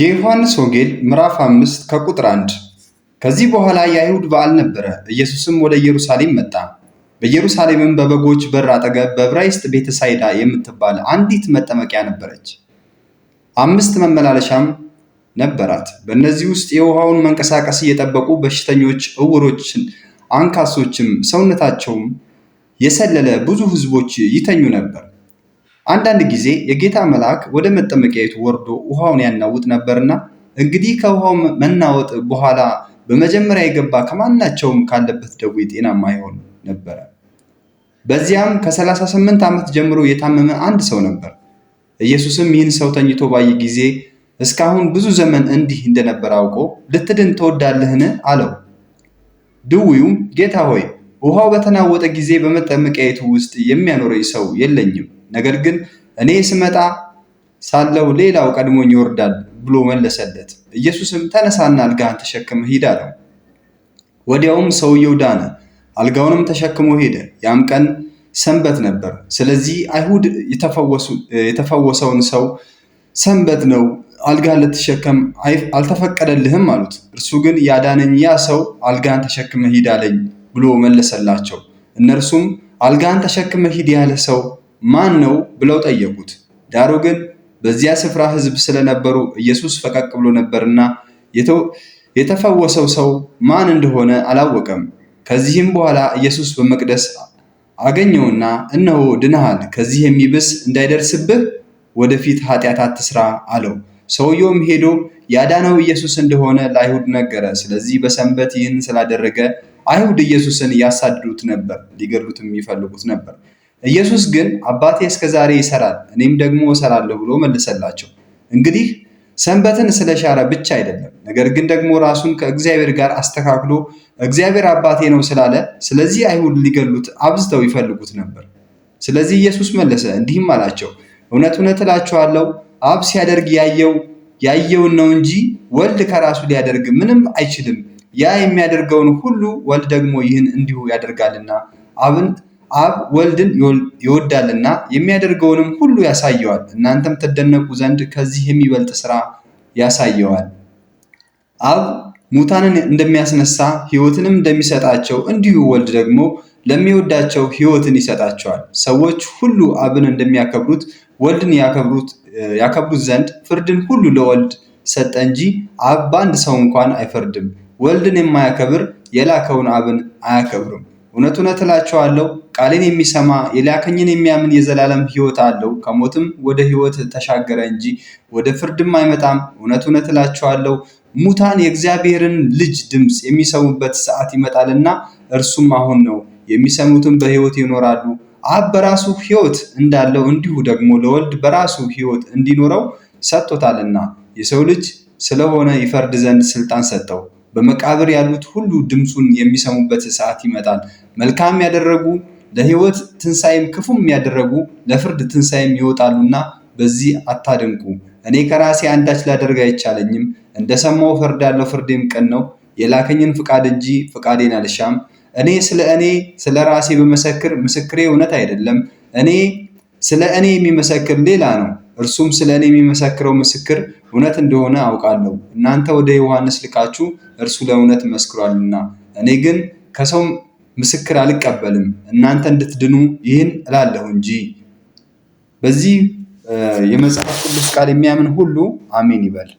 የዮሐንስ ወንጌል ምዕራፍ 5 ከቁጥር 1 ከዚህ በኋላ የአይሁድ በዓል ነበረ። ኢየሱስም ወደ ኢየሩሳሌም መጣ። በኢየሩሳሌምም በበጎች በር አጠገብ በዕብራይስጥ ቤተሳይዳ የምትባል አንዲት መጠመቂያ ነበረች። አምስት መመላለሻም ነበራት። በእነዚህ ውስጥ የውሃውን መንቀሳቀስ እየጠበቁ በሽተኞች፣ እውሮችን፣ አንካሶችም ሰውነታቸውም የሰለለ ብዙ ሕዝቦች ይተኙ ነበር። አንዳንድ ጊዜ የጌታ መልአክ ወደ መጠመቂያይቱ ወርዶ ውሃውን ያናውጥ ነበርና እንግዲህ ከውሃው መናወጥ በኋላ በመጀመሪያ የገባ ከማናቸውም ካለበት ደዌ ጤናማ ይሆን ነበረ። በዚያም ከ38 ዓመት ጀምሮ የታመመ አንድ ሰው ነበር። ኢየሱስም ይህን ሰው ተኝቶ ባየ ጊዜ እስካሁን ብዙ ዘመን እንዲህ እንደነበር አውቆ ልትድን ትወዳለህን? አለው። ድውዩም ጌታ ሆይ ውሃው በተናወጠ ጊዜ በመጠመቂያይቱ ውስጥ የሚያኖረኝ ሰው የለኝም ነገር ግን እኔ ስመጣ ሳለው ሌላው ቀድሞኝ ይወርዳል ብሎ መለሰለት። ኢየሱስም ተነሳና አልጋህን ተሸክመ ሂድ አለው። ወዲያውም ሰውየው ዳነ፣ አልጋውንም ተሸክሞ ሄደ። ያም ቀን ሰንበት ነበር። ስለዚህ አይሁድ የተፈወሰውን ሰው ሰንበት ነው አልጋ ልትሸከም አልተፈቀደልህም አሉት። እርሱ ግን ያዳነኝ ያ ሰው አልጋን ተሸክመ ሂድ አለኝ ብሎ መለሰላቸው። እነርሱም አልጋን ተሸክመ ሂድ ያለ ሰው ማን ነው ብለው ጠየቁት። ዳሩ ግን በዚያ ስፍራ ሕዝብ ስለነበሩ ኢየሱስ ፈቀቅ ብሎ ነበርና የተፈወሰው ሰው ማን እንደሆነ አላወቀም። ከዚህም በኋላ ኢየሱስ በመቅደስ አገኘውና እነሆ ድነሃል፣ ከዚህ የሚብስ እንዳይደርስብህ ወደፊት ኃጢአት አትስራ አለው። ሰውየውም ሄዶ ያዳነው ኢየሱስ እንደሆነ ለአይሁድ ነገረ። ስለዚህ በሰንበት ይህን ስላደረገ አይሁድ ኢየሱስን ያሳድዱት ነበር፣ ሊገድሉትም ይፈልጉት ነበር። ኢየሱስ ግን አባቴ እስከ ዛሬ ይሰራል እኔም ደግሞ እሰራለሁ ብሎ መለሰላቸው። እንግዲህ ሰንበትን ስለሻረ ብቻ አይደለም፣ ነገር ግን ደግሞ ራሱን ከእግዚአብሔር ጋር አስተካክሎ እግዚአብሔር አባቴ ነው ስላለ፣ ስለዚህ አይሁድ ሊገሉት አብዝተው ይፈልጉት ነበር። ስለዚህ ኢየሱስ መለሰ እንዲህም አላቸው፣ እውነት እውነት እላችኋለሁ አብ ሲያደርግ ያየው ያየውን ነው እንጂ ወልድ ከራሱ ሊያደርግ ምንም አይችልም። ያ የሚያደርገውን ሁሉ ወልድ ደግሞ ይህን እንዲሁ ያደርጋልና አብን አብ ወልድን ይወዳልና የሚያደርገውንም ሁሉ ያሳየዋል፣ እናንተም ትደነቁ ዘንድ ከዚህ የሚበልጥ ስራ ያሳየዋል። አብ ሙታንን እንደሚያስነሳ ሕይወትንም እንደሚሰጣቸው እንዲሁ ወልድ ደግሞ ለሚወዳቸው ሕይወትን ይሰጣቸዋል። ሰዎች ሁሉ አብን እንደሚያከብሩት ወልድን ያከብሩት ዘንድ ፍርድን ሁሉ ለወልድ ሰጠ እንጂ አብ በአንድ ሰው እንኳን አይፈርድም። ወልድን የማያከብር የላከውን አብን አያከብርም። እውነት እውነት እላችኋለሁ ቃሌን የሚሰማ የላከኝን የሚያምን የዘላለም ሕይወት አለው፣ ከሞትም ወደ ሕይወት ተሻገረ እንጂ ወደ ፍርድም አይመጣም። እውነት እውነት እላችኋለሁ ሙታን የእግዚአብሔርን ልጅ ድምፅ የሚሰሙበት ሰዓት ይመጣልና እርሱም አሁን ነው። የሚሰሙትም በሕይወት ይኖራሉ። አብ በራሱ ሕይወት እንዳለው እንዲሁ ደግሞ ለወልድ በራሱ ሕይወት እንዲኖረው ሰጥቶታልና የሰው ልጅ ስለሆነ ይፈርድ ዘንድ ስልጣን ሰጠው። በመቃብር ያሉት ሁሉ ድምፁን የሚሰሙበት ሰዓት ይመጣል። መልካም ያደረጉ ለሕይወት ትንሣኤም ክፉም ያደረጉ ለፍርድ ትንሣኤም ይወጣሉና በዚህ አታደንቁ። እኔ ከራሴ አንዳች ላደርግ አይቻለኝም። እንደ ፍርድ ያለው ፍርዴም ቅን ነው። የላከኝን ፍቃድ እንጂ ፍቃዴን አልሻም። እኔ ስለ እኔ ስለ ራሴ በመሰክር ምስክሬ እውነት አይደለም። እኔ ስለ እኔ የሚመሰክር ሌላ ነው። እርሱም ስለ እኔ የሚመሰክረው ምስክር እውነት እንደሆነ አውቃለሁ። እናንተ ወደ ዮሐንስ ልካችሁ እርሱ ለእውነት መስክሯልና፣ እኔ ግን ከሰው ምስክር አልቀበልም፣ እናንተ እንድትድኑ ይህን እላለሁ እንጂ። በዚህ የመጽሐፍ ቅዱስ ቃል የሚያምን ሁሉ አሜን ይበል።